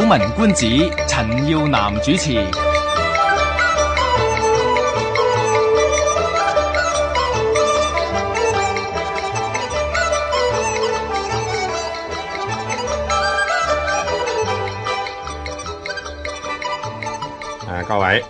古文觀止，陳耀南主持。啊，各位，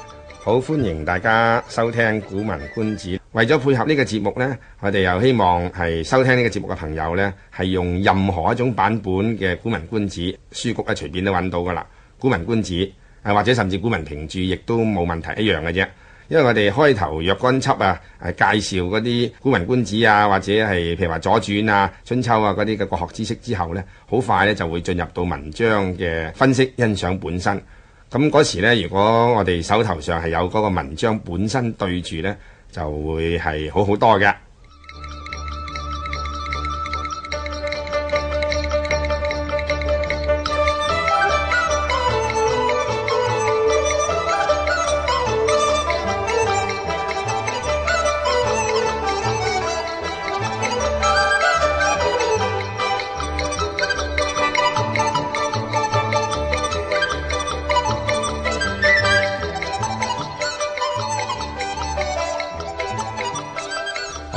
好！歡迎大家收聽《古文觀止》。為咗配合呢個節目呢，我哋又希望係收聽呢個節目嘅朋友呢，係用任何一種版本嘅《古文觀止》書局咧，隨便都揾到噶啦，《古文觀止》啊，或者甚至《古文評注》亦都冇問題一樣嘅啫。因為我哋開頭若干輯啊，係介紹嗰啲《古文觀止》啊，或者係譬如話《左傳》啊、春秋啊嗰啲嘅國學知識之後呢，好快呢就會進入到文章嘅分析欣賞本身。咁嗰時咧，如果我哋手頭上係有嗰個文章本身對住呢。就會係好好多嘅。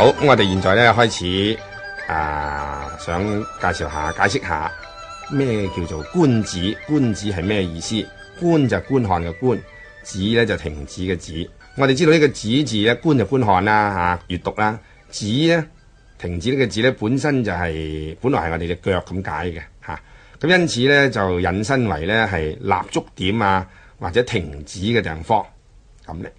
好，我哋現在咧開始，啊、呃，想介紹下、解釋下咩叫做觀止？觀止係咩意思？觀就觀看嘅觀，止咧就停止嘅止。我哋知道呢個止字咧，觀就觀看啦，吓、啊、閱讀啦，止咧停止呢個字咧，止止本身就係、是、本來係我哋隻腳咁解嘅，吓、啊。咁因此咧就引申為咧係立足點啊，或者停止嘅地方，咁咧。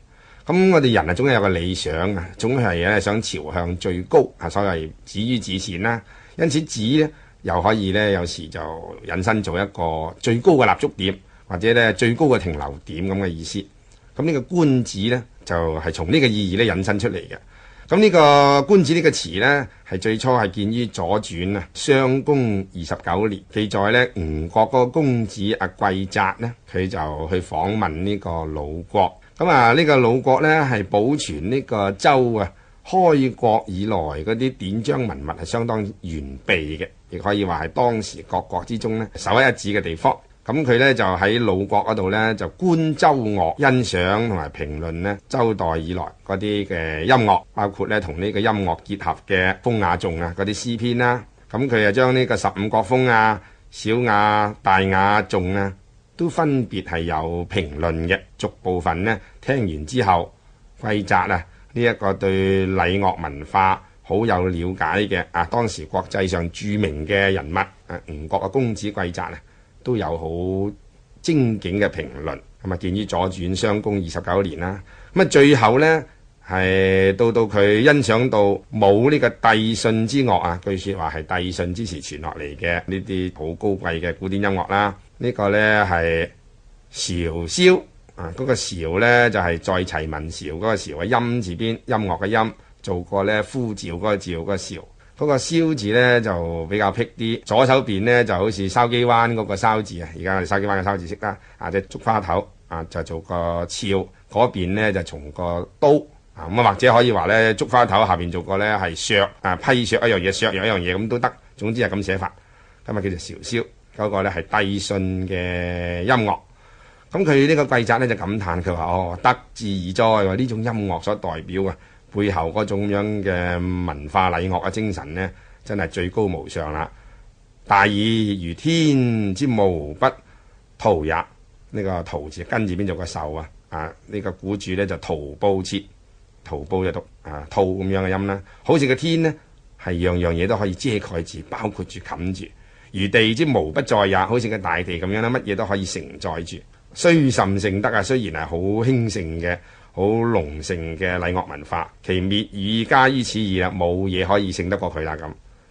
咁我哋人啊，總係有個理想啊，總係咧想朝向最高啊，所謂止於至善啦。因此止呢，又可以呢，有時就引申做一個最高嘅立足點，或者呢最高嘅停留點咁嘅意思。咁呢個觀止呢，就係、是、從呢個意義咧引申出嚟嘅。咁呢個觀止呢個詞呢，係最初係見於左傳啊，襄公二十九年記載呢，吳國嗰個公子阿季札呢，佢就去訪問呢個魯國。咁啊，呢個魯國呢係保存呢個周啊開國以來嗰啲典章文物係相當完備嘅，亦可以話係當時各國之中呢首屈一指嘅地方。咁佢呢就喺魯國嗰度呢，就觀周樂，欣賞同埋評論呢周代以來嗰啲嘅音樂，包括呢同呢個音樂結合嘅風雅頌啊嗰啲詩篇啦、啊。咁佢又將呢個十五國風啊、小雅、大雅頌啊。都分別係有評論嘅，逐部分咧聽完之後，季札啊呢一、這個對禮樂文化好有了解嘅啊，當時國際上著名嘅人物啊，吳國啊公子季札啊，都有好精警嘅評論，咁啊見於左傳襄公二十九年啦、啊。咁啊最後呢，係到到佢欣賞到冇呢個帝舜之樂啊，據説話係帝舜之時傳落嚟嘅呢啲好高貴嘅古典音樂啦、啊。呢個呢係韶肖啊！嗰、那個韶呢就係、是、在齊聞韶嗰、那個韶，音字邊音樂嘅音，做個呢呼召，那召。嗰、那個字嗰、那個肖。嗰個肖字呢就比較僻啲，左手邊呢就好似筲箕灣嗰個筲字，現在是灣的字式啊！而家我哋筲箕灣嘅筲字識啦，啊即竹花頭啊就做個肖，嗰邊咧就從個刀啊咁啊，或者可以話呢「竹花頭下邊做個呢係削啊批削一樣嘢，削又一樣嘢咁都得。總之係咁寫法，咁、那、啊、個、叫做韶肖。嗰個咧係帝舜嘅音樂，咁佢呢個季札呢，就感嘆，佢話：哦，德至矣哉！呢種音樂所代表嘅背後嗰種樣嘅文化禮樂嘅精神呢，真係最高無上啦！大矣如天之無不幬也，這個陶個啊這個、呢個幬字巾字邊做個壽啊！啊，呢個古注呢，就徒報切，徒報就讀啊逃咁樣嘅音啦。好似個天呢，係樣樣嘢都可以遮蓋住，包括住冚住。如地之無不在也，好似個大地咁樣，乜嘢都可以承載住。雖甚盛德啊，雖然係好興盛嘅、好隆盛嘅禮樂文化，其滅以加於此矣啦，冇嘢可以勝得過佢啦咁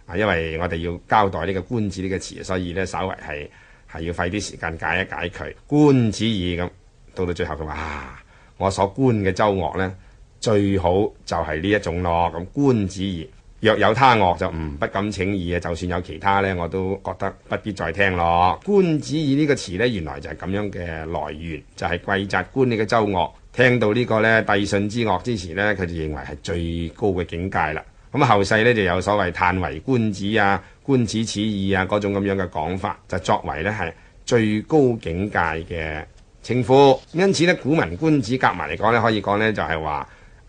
啊！因為我哋要交代呢個「觀止」呢個詞，所以呢，稍微係係要費啲時間解一解佢。觀止矣咁，到到最後佢話、啊：，我所觀嘅周樂呢，最好就係呢一種咯。咁觀止矣。若有他樂就唔不敢請已。就算有其他呢，我都覺得不必再聽咯。觀止矣呢個詞呢，原來就係咁樣嘅來源，就係、是、季札觀」。呢個周樂聽到呢個呢帝舜之樂之前呢，佢就認為係最高嘅境界啦。咁後世呢，就有所謂嘆為觀止啊、觀止此矣啊嗰種咁樣嘅講法，就作為呢係最高境界嘅稱呼。因此呢，古文觀止」夾埋嚟講呢，可以講呢就係話。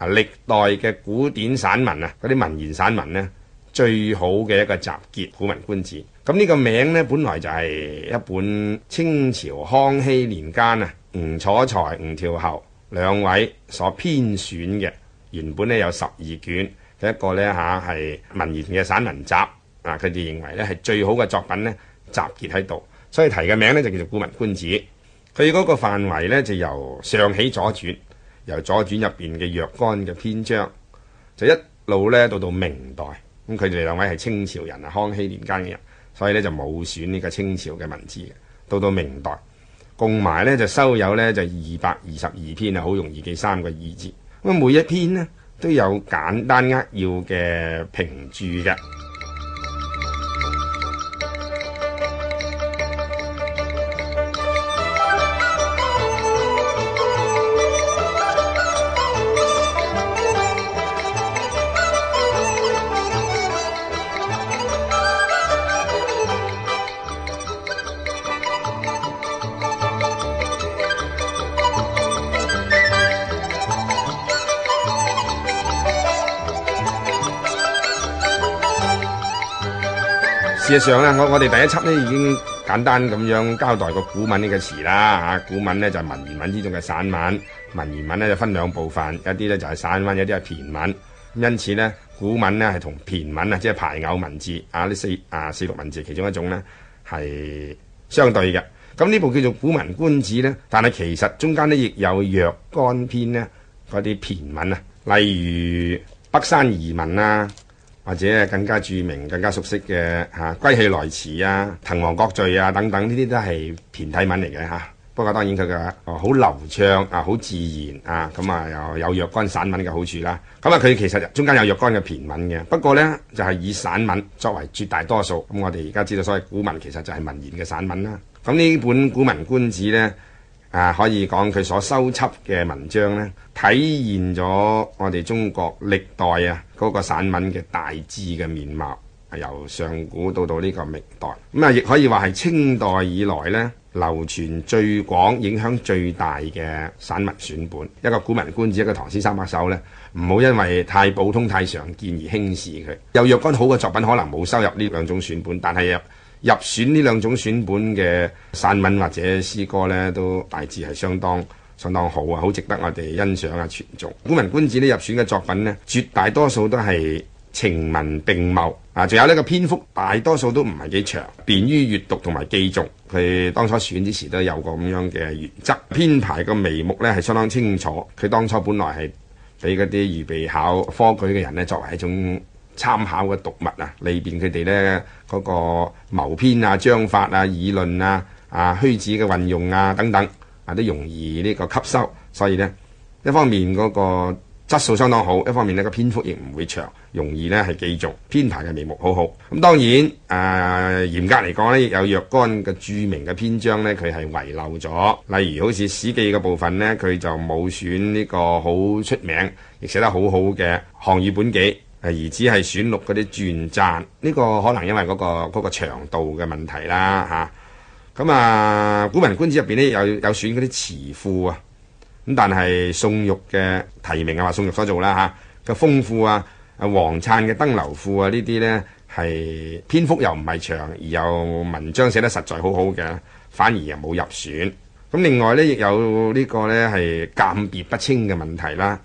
歷代嘅古典散文啊，嗰啲文言散文呢，最好嘅一個集結《古文觀止》。咁呢個名呢，本來就係一本清朝康熙年間啊，吳楚才、吳調侯兩位所編選嘅。原本呢，有十二卷，一個呢，嚇係文言嘅散文集。啊，佢哋認為呢係最好嘅作品呢，集結喺度，所以提嘅名呢，就叫做《古文觀止》。佢嗰個範圍呢就由上起左轉。由左傳入面嘅若干嘅篇章，就一路呢到到明代，咁佢哋兩位係清朝人啊，康熙年間嘅人，所以呢就冇選呢個清朝嘅文字。到到明代，共埋呢就收有呢，就二百二十二篇啊，好容易記三個二字。咁每一篇呢，都有簡單扼要嘅評注嘅。上咧，我我哋第一輯咧已經簡單咁樣交代個古文呢個詞啦。古文咧就係文言文之中嘅散文，文言文咧就分兩部分，一啲咧就係散文，有啲係駢文。因此咧，古文咧係同駢文啊，即係排偶文字啊，呢四啊四六文字其中一種咧係相對嘅。咁呢部叫做《古文觀止》咧，但係其實中間咧亦有若干篇呢，嗰啲駢文啊，例如《北山移文》啊。或者更加著名、更加熟悉嘅嚇，《歸去來辭》啊，啊《滕王國序》啊，等等呢啲都係片體文嚟嘅、啊、不過當然佢嘅哦好流暢啊，好自然啊，咁啊又、啊、有若干散文嘅好處啦。咁啊，佢、啊、其實中間有若干嘅片文嘅，不過呢就係、是、以散文作為絕大多數。咁、啊、我哋而家知道所謂古文其實就係文言嘅散文啦。咁、啊、呢、啊、本《古文觀止》呢。啊，可以講佢所收輯嘅文章呢，體現咗我哋中國歷代啊嗰個散文嘅大致嘅面貌，由上古到到呢個明代，咁啊亦可以話係清代以來呢，流傳最廣、影響最大嘅散文選本。一個《古文觀止》，一個《唐詩三百首》呢，唔好因為太普通、太常見而輕視佢。有若干好嘅作品可能冇收入呢兩種選本，但係入選呢兩種選本嘅散文或者詩歌呢，都大致係相當相當好啊，好值得我哋欣賞啊傳頌。古文觀止呢，入選嘅作品呢，絕大多數都係情文並茂啊，仲有呢個篇幅大多數都唔係幾長，便於閱讀同埋記住。佢當初選之時都有個咁樣嘅原則，編排個眉目呢係相當清楚。佢當初本來係俾嗰啲預備考科舉嘅人呢作為一種參考嘅讀物他們啊，裏邊佢哋呢個個謀篇啊、章法啊、議論啊、啊虛字嘅運用啊等等啊，都容易呢個吸收。所以呢，一方面嗰個質素相當好，一方面呢個篇幅亦唔會長，容易呢係記住編排嘅眉目好好。咁當然誒、啊，嚴格嚟講呢有若干嘅著名嘅篇章呢，佢係遺漏咗。例如好似史記嘅部分呢，佢就冇選呢個好出名，亦寫得好好嘅項羽本紀而只係選錄嗰啲傳讚，呢、這個可能因為嗰、那個嗰、那個、長度嘅問題啦嚇。咁啊，古文觀止入面呢有有選嗰啲詞賦啊，咁但係宋玉嘅提名啊話宋玉所做啦嚇，嘅風賦啊、阿、啊、王粲嘅登樓賦啊呢啲呢係篇幅又唔係長，而又文章寫得實在好好嘅，反而又冇入選。咁另外呢，亦有呢個呢係鑑別不清嘅問題啦。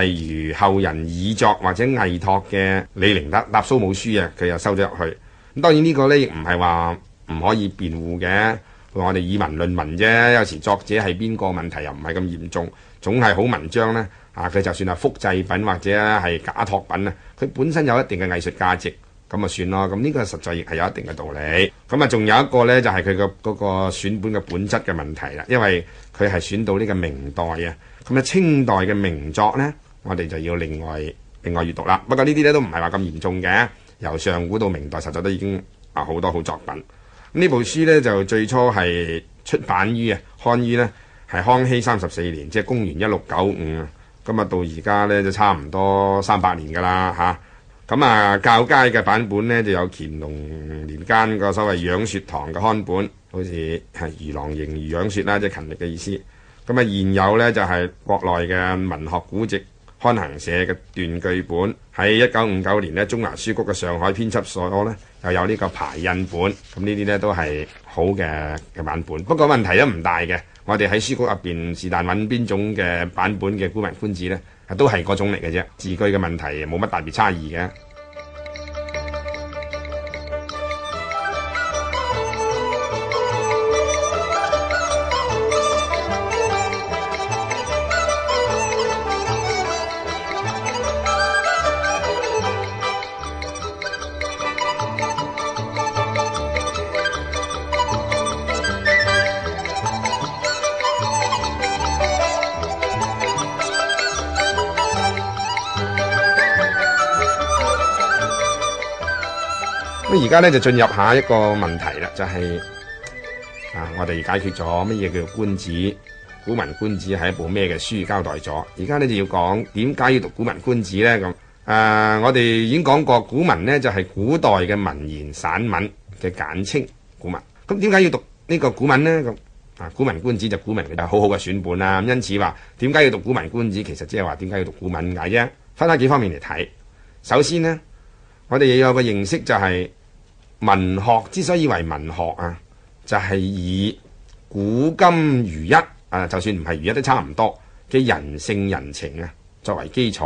例如後人以作或者偽託嘅李陵《答蘇武書》啊，佢又收咗入去。咁當然呢個呢，亦唔係話唔可以辯護嘅，我哋以文論文啫。有時作者係邊個問題又唔係咁嚴重，總係好文章呢，嚇、啊。佢就算係複製品或者係假託品啊，佢本身有一定嘅藝術價值，咁啊算咯。咁呢個實在亦係有一定嘅道理。咁啊，仲有一個呢，就係佢個嗰個選本嘅本質嘅問題啦。因為佢係選到呢個明代啊，咁啊清代嘅名作呢。我哋就要另外另外閱讀啦。不過呢啲咧都唔係話咁嚴重嘅。由上古到明代，實在都已經啊好多好作品。呢部書呢，就最初係出版於啊刊於呢係康熙三十四年，即係公元一六九五。咁啊到而家呢，就差唔多三百年㗎啦嚇。咁啊較佳嘅版本呢，就有乾隆年間個所謂養雪堂嘅刊本，好似魚狼形魚仰雪啦，即係勤力嘅意思。咁啊現有呢，就係國內嘅文學古籍。刊行社嘅段句本，喺一九五九年呢，中華書局嘅上海編輯所呢，又有呢個排印本，咁呢啲呢都係好嘅嘅版本。不過問題都唔大嘅，我哋喺書局入邊是但揾邊種嘅版本嘅《古文觀止》呢，都係嗰種嚟嘅啫，字句嘅問題冇乜特別差異嘅。而家咧就進入下一個問題啦，就係、是、啊，我哋解決咗乜嘢叫《觀止古文觀止》係一部咩嘅書，交代咗。而家呢，就要講點解要讀《古文觀止》咧？咁、啊、誒，我哋已經講過古文呢就係古代嘅文言散文嘅簡稱古文。咁點解要讀呢個古文呢？咁啊，《古文觀止》就古文嘅好好嘅選本啦。咁因此話，點解要讀《古文觀止》？其實即係話點解要讀古文解啫？分開幾方面嚟睇。首先呢，我哋要有一個認識就係、是。文學之所以為文學啊，就係、是、以古今如一啊，就算唔係如一都差唔多嘅人性人情啊，作為基礎，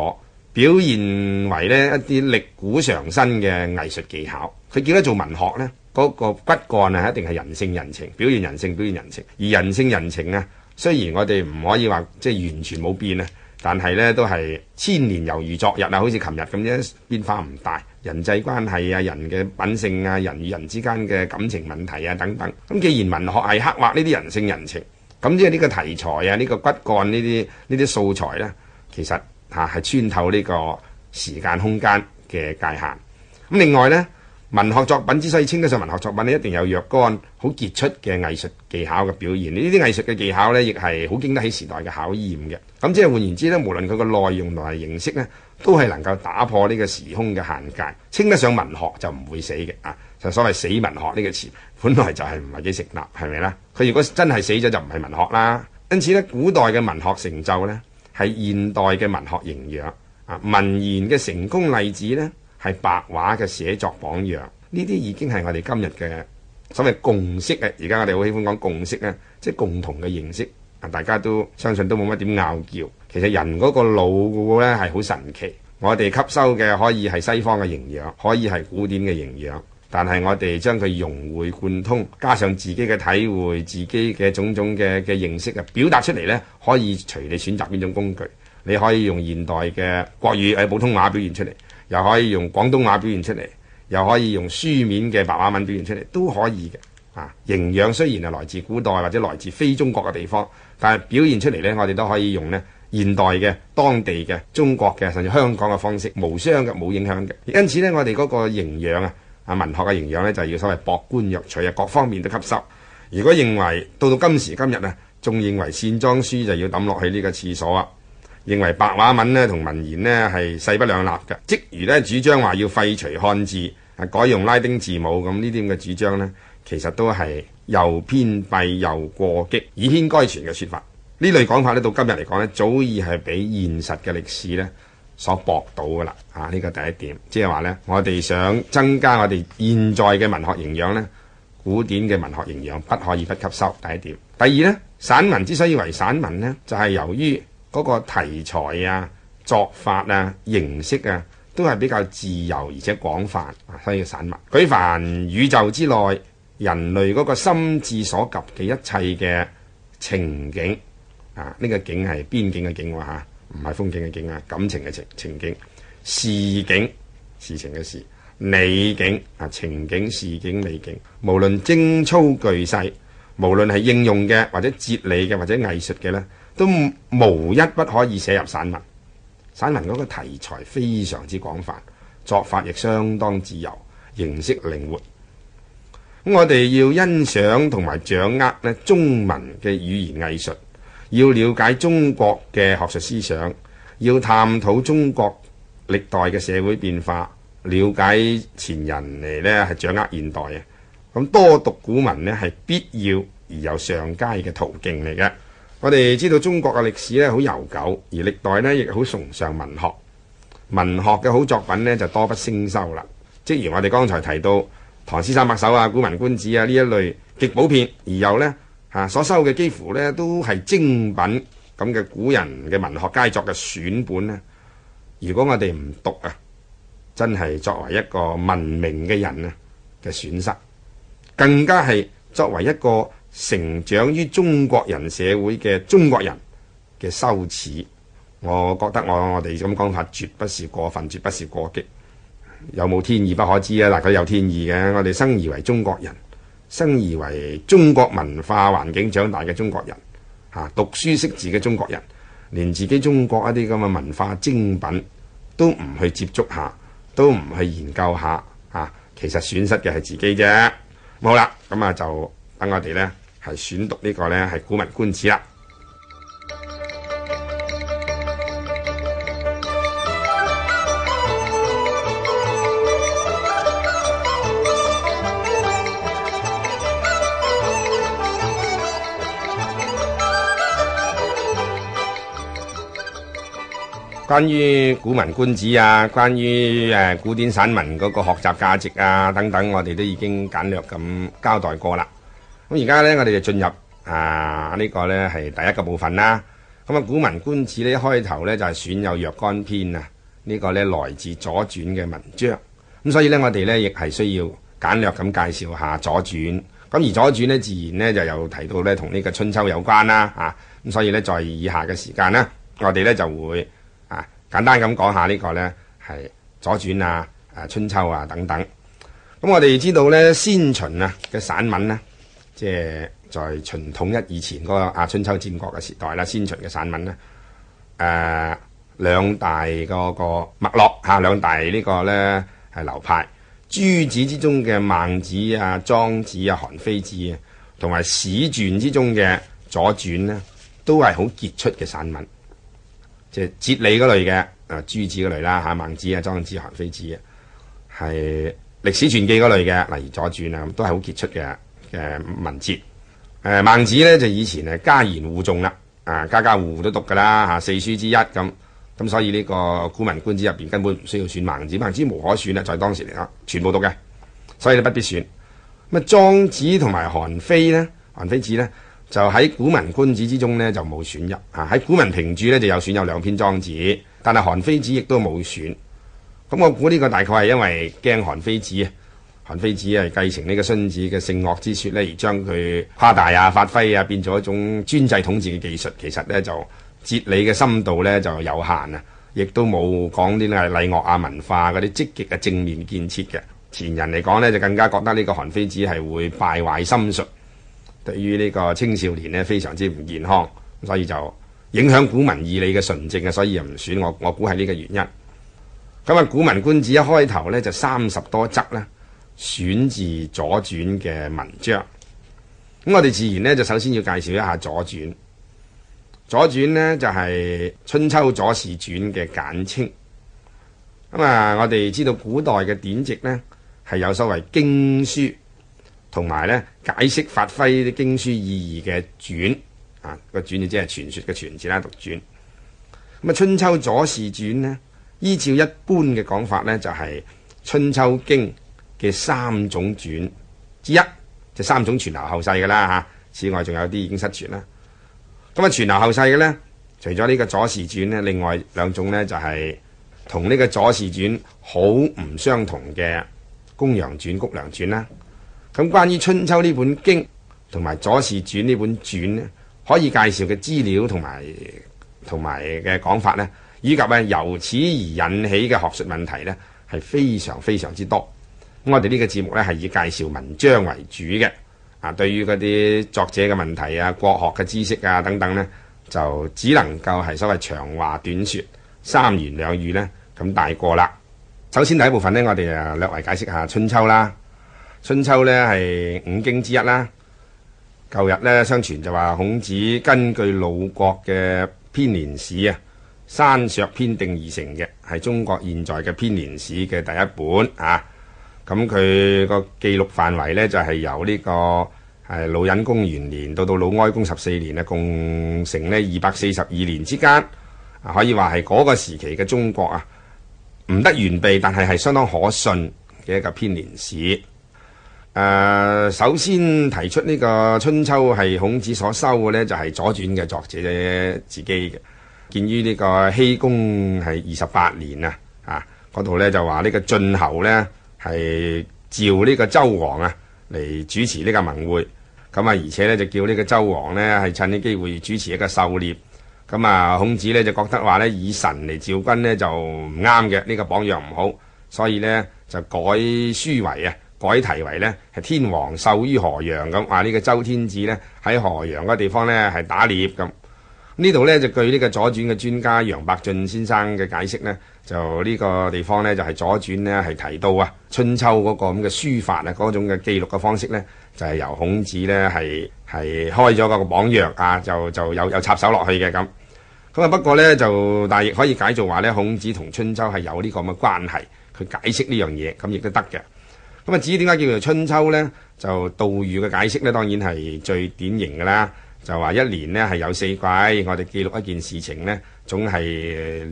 表現為呢一啲歷古常新嘅藝術技巧。佢叫得做文學呢，嗰、那個骨幹啊，一定係人性人情，表現人性，表現人情。而人性人情啊，雖然我哋唔可以話即係完全冇變啊。但係呢都係千年猶如昨日啊！好似琴日咁啫，變化唔大，人際關係啊、人嘅品性啊、人與人之間嘅感情問題啊等等。咁既然文學係刻畫呢啲人性人情，咁即係呢個題材啊、呢、呢個骨幹呢啲呢啲素材呢，其實係、啊、穿透呢個時間空間嘅界限。咁另外呢。文學作品之所以稱得上文學作品咧，一定有若干好傑出嘅藝術技巧嘅表現。呢啲藝術嘅技巧呢，亦係好經得起時代嘅考驗嘅。咁即係換言之呢，無論佢個內容同埋形式呢，都係能夠打破呢個時空嘅限界，稱得上文學就唔會死嘅啊！就所謂死文學呢個詞，本來就係唔係幾成立，係咪啦？佢如果真係死咗，就唔係文學啦。因此呢，古代嘅文學成就呢，係現代嘅文學營養啊，文言嘅成功例子呢。係白話嘅寫作榜樣，呢啲已經係我哋今日嘅所謂共識嘅。而家我哋好喜歡講共識咧，即係共同嘅認識啊！大家都相信都冇乜點拗撬。其實人嗰個腦咧係好神奇，我哋吸收嘅可以係西方嘅營養，可以係古典嘅營養，但係我哋將佢融會貫通，加上自己嘅體會、自己嘅種種嘅嘅認識啊，表達出嚟咧，可以隨你選擇邊種工具，你可以用現代嘅國語誒普通話表現出嚟。又可以用廣東話表現出嚟，又可以用書面嘅白話文表現出嚟，都可以嘅。啊，營養雖然係來自古代或者來自非中國嘅地方，但係表現出嚟呢，我哋都可以用呢現代嘅、當地嘅、中國嘅甚至香港嘅方式，無傷嘅、冇影響嘅。因此呢，我哋嗰個營養啊，啊文學嘅營養呢，就要所謂博觀約取啊，各方面都吸收。如果認為到到今時今日呢，仲認為線裝書就要抌落去呢個廁所啊！認為白話文咧同文言咧係勢不兩立嘅，即如呢，主張話要廢除漢字，係改用拉丁字母咁呢啲咁嘅主張呢，其實都係又偏廢又過激，以偏概全嘅說法。呢類講法呢，到今日嚟講呢，早已係俾現實嘅歷史呢所駁到㗎啦。啊，呢個第一點，即係話呢，我哋想增加我哋現在嘅文學營養呢，古典嘅文學營養不可以不吸收。第一點，第二呢，散文之所以為散文呢，就係由於，嗰個題材啊、作法啊、形式啊，都係比較自由而且廣泛啊，所以散文舉凡宇宙之內人類嗰個心智所及嘅一切嘅情景啊，這個、景，景啊，呢個景係邊境嘅景喎嚇，唔係風景嘅景啊，感情嘅情，情景、事景、事情嘅事、理景啊，情景、事景、理景，無論精粗巨細，無論係應用嘅或者哲理嘅或者藝術嘅咧。都無一不可以寫入散文。散文嗰個題材非常之廣泛，作法亦相當自由，形式靈活。咁我哋要欣賞同埋掌握咧中文嘅語言藝術，要了解中國嘅學術思想，要探討中國歷代嘅社會變化，了解前人嚟呢係掌握現代嘅。咁多讀古文呢係必要而有上佳嘅途徑嚟嘅。我哋知道中國嘅歷史咧好悠久，而歷代咧亦好崇尚文學，文學嘅好作品咧就多不勝收啦。即如我哋剛才提到唐詩三百首啊、古文觀止啊呢一類極普遍，而又咧嚇所收嘅幾乎咧都係精品咁嘅古人嘅文學佳作嘅選本咧。如果我哋唔讀啊，真係作為一個文明嘅人啊嘅損失，更加係作為一個。成長於中國人社會嘅中國人嘅羞恥，我覺得我我哋咁講法絕不是過分，絕不是過激。有冇天意不可知啊？大家有天意嘅。我哋生而為中國人，生而為中國文化環境長大嘅中國人，吓讀書識字嘅中國人，連自己中國一啲咁嘅文化精品都唔去接觸下，都唔去研究下，吓其實損失嘅係自己啫。好啦，咁啊就。等我哋咧，係選讀呢個咧，係古文觀止啦。關於古文觀止啊，關於誒古典散文嗰個學習價值啊，等等，我哋都已經簡略咁交代過啦。咁而家呢，我哋就進入啊呢個呢係第一個部分啦。咁啊，古文觀止呢一開頭呢，就係選有若干篇啊，呢個呢來自左轉嘅文章。咁所以呢，我哋呢亦係需要簡略咁介紹下左轉。咁而左轉呢，自然呢就又提到呢同呢個春秋有關啦。咁，所以呢，在以下嘅時間啦，我哋呢就會啊簡單咁講下呢個呢係左轉啊、啊春秋啊等等。咁我哋知道呢，先秦啊嘅散文呢即係在秦統一以前嗰個啊春秋戰國嘅時代啦，先秦嘅散文、呃兩那個、兩呢，誒兩大嗰個脈絡嚇，兩大呢個咧係流派，諸子之中嘅孟子啊、莊子啊、韓非子啊，同埋史傳之中嘅左傳呢，都係好傑出嘅散文，即係哲理嗰類嘅啊，諸子嗰類啦嚇、啊，孟子啊、莊子、韓非子啊，係歷史傳記嗰類嘅，例如左傳啊，是傳的傳都係好傑出嘅。誒，文字誒孟子呢，就以前誒家言戶眾啦，啊家家戶戶都讀噶啦，吓四書之一咁，咁所以呢個古文觀止入邊根本唔需要選孟子，孟子無可選啦，在當時嚟講，全部讀嘅，所以你不必選。咁莊子同埋韓非呢，韓非子呢，就喺古文觀止之中呢就冇選入，喺古文評注呢就有選有兩篇莊子，但係韓非子亦都冇選。咁我估呢個大概係因為驚韓非子啊。韓非子係繼承呢個荀子嘅性惡之説咧，而將佢誇大啊、發揮啊，變咗一種專制統治嘅技術。其實呢，就哲理嘅深度呢，就有限啊，亦都冇講啲啊禮樂啊文化嗰啲積極嘅正面建設嘅前人嚟講呢，就更加覺得呢個韓非子係會敗壞心術，對於呢個青少年呢，非常之唔健康，所以就影響古文義理嘅純正啊。所以又唔選我，我估係呢個原因。咁啊，古文觀止一開頭呢，就三十多則啦。選自左傳嘅文章，咁我哋自然呢就首先要介紹一下左傳。左傳呢就係、是、春秋左氏傳嘅簡稱。咁啊，我哋知道古代嘅典籍呢係有所謂經書，同埋呢解釋發揮啲經書意義嘅傳啊，個傳就即係傳説嘅傳字啦，讀傳。咁啊，春秋左氏傳呢，依照一般嘅講法呢，就係、是、春秋經。嘅三種傳之一，即、就是、三種傳流後世嘅啦吓。此外，仲有啲已經失傳啦。咁啊，傳流後世嘅咧，除咗呢個左氏傳咧，另外兩種咧就係同呢個左氏傳好唔相同嘅公羊傳、谷梁傳啦。咁關於春秋呢本經同埋左氏傳呢本傳咧，可以介紹嘅資料同埋同埋嘅講法咧，以及啊由此而引起嘅學術問題咧，係非常非常之多。我哋呢個節目咧係以介紹文章為主嘅，啊，對於嗰啲作者嘅問題啊、國學嘅知識啊等等呢，就只能夠係所謂長話短説，三言兩語呢。咁大過啦。首先第一部分呢，我哋啊略為解釋下春秋啦。春秋呢係五經之一啦。舊日呢，相傳就話孔子根據魯國嘅編年史啊，刪削編定而成嘅，係中國現在嘅編年史嘅第一本啊。咁佢個記錄範圍呢就係、是、由呢、這個魯隱公元年到到魯哀公十四年共成呢二百四十二年之間，可以話係嗰個時期嘅中國啊，唔得完備，但係係相當可信嘅一個編年史。誒、呃，首先提出呢個《春秋》係孔子所修嘅呢就係、是、左傳嘅作者自己嘅。見於呢個僖公係二十八年啊，啊嗰度呢就話呢個晉侯呢。係召呢個周王啊嚟主持呢個盟會，咁啊而且呢，就叫呢個周王呢係趁呢機會主持一個狩獵，咁啊孔子呢就覺得話呢，以神嚟召君呢就唔啱嘅，呢、這個榜樣唔好，所以呢，就改書為啊改題為呢，係天王狩于河陽咁，話呢個周天子呢喺河陽個地方呢係打獵咁。呢度呢，就據呢個左傳嘅專家楊伯峻先生嘅解釋呢。就呢個地方呢，就係、是、左傳呢，係提到啊春秋嗰個咁嘅書法啊，嗰種嘅記錄嘅方式呢，就係、是、由孔子呢，係係開咗個榜樣啊，就就有有插手落去嘅咁。咁啊不過呢，就，但係亦可以解做話呢，孔子同春秋係有呢個咁嘅關係。佢解釋呢樣嘢咁亦都得嘅。咁啊至於點解叫做春秋呢？就杜預嘅解釋呢，當然係最典型㗎啦。就話一年呢，係有四季，我哋記錄一件事情呢。總係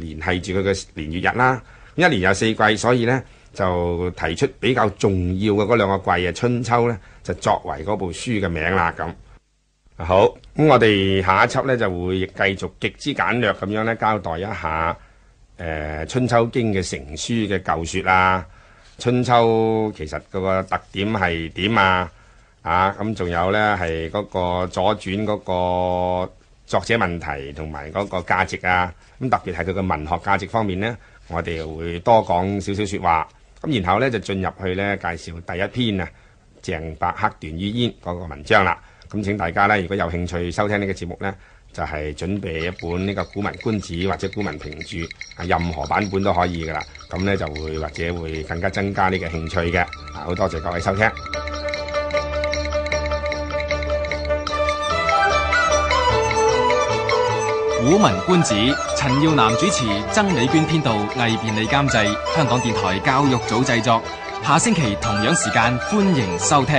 聯繫住佢嘅年月日啦，一年有四季，所以呢就提出比較重要嘅嗰兩個季啊，春秋呢就作為嗰部書嘅名啦咁。好，咁我哋下一輯呢就會繼續極之簡略咁樣交代一下，誒、呃《春秋經》嘅成書嘅舊説啦，春秋》其實嗰個特點係點啊？啊，咁仲有呢係嗰個左轉嗰、那個。作者問題同埋嗰個價值啊，咁特別係佢嘅文學價值方面呢，我哋會多講少少說話。咁然後呢，就進入去呢介紹第一篇啊《鄭伯克段於鄢》嗰、那個文章啦。咁、嗯、請大家呢，如果有興趣收聽呢個節目呢，就係、是、準備一本呢個《古文觀止》或者《古文評注》，啊任何版本都可以噶啦。咁呢就會或者會更加增加呢個興趣嘅。好多謝各位收聽。古文觀止，陳耀南主持，曾美娟編導，魏便利監製，香港電台教育組製作。下星期同樣時間，歡迎收聽。